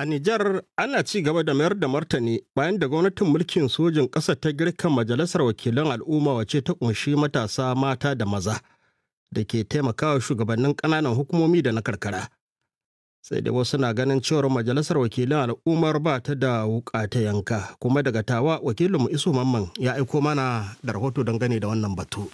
A Nijar ana ci gaba da mayar da martani bayan da gwamnatin mulkin sojin ƙasa ta girka majalisar wakilan al'umma wace ta ƙunshi matasa mata da maza da ke taimakawa shugabannin ƙananan hukumomi da na karkara. Sai da wasu na ganin cewar majalisar wakilan al'ummar ba ta da wuƙa ta yanka kuma daga tawa wakilinmu Isu Mamman ya aiko mana da rahoto dangane da wannan batu.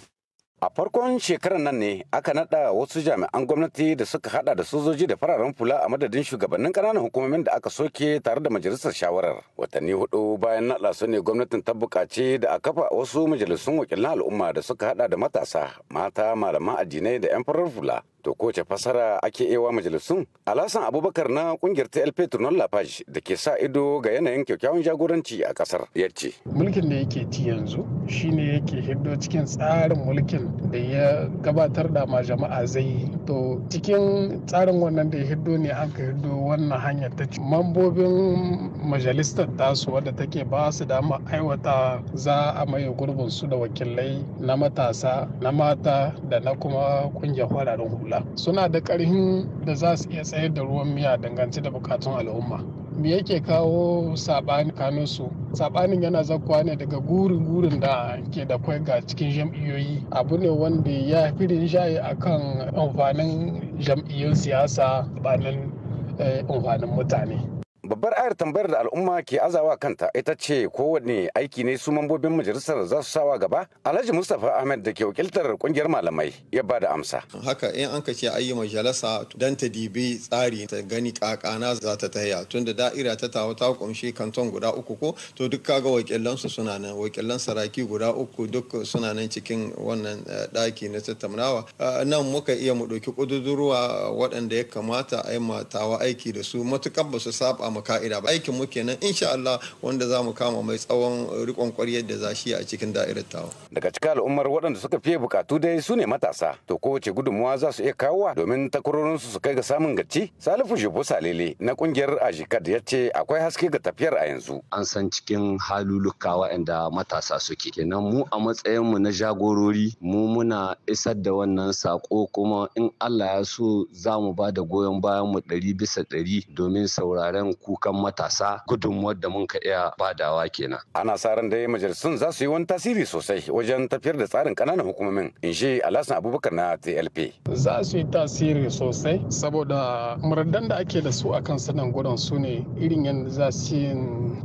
A farkon shekarar nan ne aka nada wasu jami'an gwamnati da suka hada da sojoji da fararen fula a madadin shugabannin kananan hukumomin da aka soke tare da majalisar shawarar. Watanni hudu bayan nada su ne gwamnatin ta bukaci da a kafa wasu majalisun wakilan al'umma da suka hada da matasa, mata, malaman addinai da 'yan farar fula. To kowace fasara ake ewa majalisun? Alasan Abubakar na kungiyar ta Elpe Turnon Lafaji da ke sa ido ga yanayin kyakkyawan jagoranci a kasar ya ce. Mulkin da yake ci yanzu shine yake hiddo cikin tsarin mulkin da ya gabatar da ma jama'a zai yi. To cikin tsarin wannan da ya hiddo ne an ka hiddo wannan hanyar ta ci. Mambobin majalistar tasu wadda take ba su dama aiwata za a maye gurbin su da wakilai na matasa, na mata da na kuma kungiyar hula. Allah suna da ƙarhin da za su iya tsayar da ruwan miya dangance da bukatun al'umma. Me yake kawo saɓani su Saɓanin yana zakuwa ne daga gurin-gurin da ke da kwai ga cikin jam'iyyoyi abu ne wanda ya fi rinjaye a kan amfanin jam'iyyun siyasa banin eh, amfanin mutane. Babbar ayar tambayar da al'umma ke azawa kanta ita ce kowane aiki ne su mambobin majalisar za su sawa gaba? Alhaji Mustapha Ahmed da ke wakiltar kungiyar malamai ya ba da amsa. Haka in an kace ayi majalisa don ta dibi tsari ta gani kakana za ta taya tunda da'ira ta tawo ta kumshi kanton guda uku ko to duk kaga su suna nan wakilan saraki guda uku duk suna nan cikin wannan daki eh, na tattaunawa nan muka iya mu ɗauki ƙudurruwa waɗanda ya kamata a yi matawa aiki da su matuƙar ba su saba mu ka'ida ba aikin mu kenan insha Allah wanda za mu kama mai tsawon rikon kwaryar da za shi a cikin da'irar tawa daga cikin al'ummar waɗanda suka fiye bukatu dai su ne matasa to kowace gudunmuwa za su iya kawowa domin takwarorin su su kai ga samun gaci salifu shibu salele na kungiyar ajikad ya ce akwai haske ga tafiyar a yanzu an san cikin haluluka waɗanda matasa suke kenan mu a matsayin mu na jagorori mu muna isar da wannan sako kuma in Allah ya so za mu ba da goyon bayan mu ɗari bisa ɗari domin sauraren kukan matasa gudunmuwar da mun ka iya badawa kenan. Ana sa ran dai majalisun za su yi wani tasiri sosai wajen tafiyar da tsarin ƙananan hukumomin in shi Alhassan Abubakar na TLP. Za su yi tasiri sosai saboda muradan da ake da su a kan sanan gudun su ne irin yadda za su yi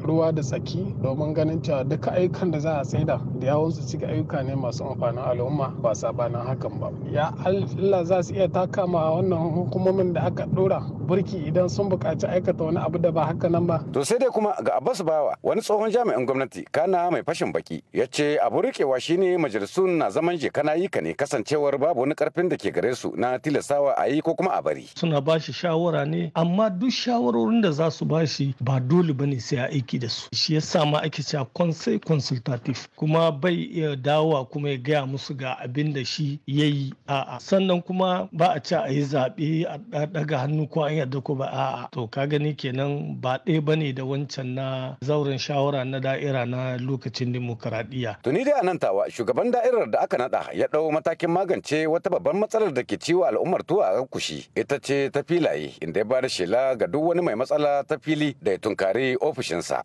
ruwa da tsaki domin ganin cewa duka ayyukan da za a tsaida da yawon su cika ayyuka ne masu amfanin al'umma ba sabanin hakan ba. Ya Allah za su iya ma wannan hukumomin da aka ɗora burki idan sun buƙaci aikata wani abu da da ba haka nan ba. To sai dai kuma ga Abbas Bawa wani tsohon jami'in gwamnati kana mai fashin baki ya ce abu rikewa shine majalisun na zaman kana yi ka ne kasancewar babu wani karfin da ke gare su na tilasawa a yi ko kuma a bari. Suna ba shi shawara ne amma duk shawarorin da za su ba shi ba dole bane sai a aiki da su. Shi yasa ma ake cewa konsai consultative kuma bai iya dawowa kuma ya gaya musu ga abin da shi ya yi a'a sannan kuma ba a ci a yi zaɓe a ɗaga hannu ko an yarda ko ba a'a to ka gani kenan ba ɗaya ba ne da wancan na zauren shawara na da'ira na lokacin demokuraɗiyya. tuni dai a nan tawa shugaban da'irar da aka naɗa ya ɗau matakin magance wata babban matsalar da ke ciwo al'ummar tuwa a kushi ita ce ta filaye inda ya bada shela ga duk wani mai matsala ta fili da ya tunkari ofishinsa.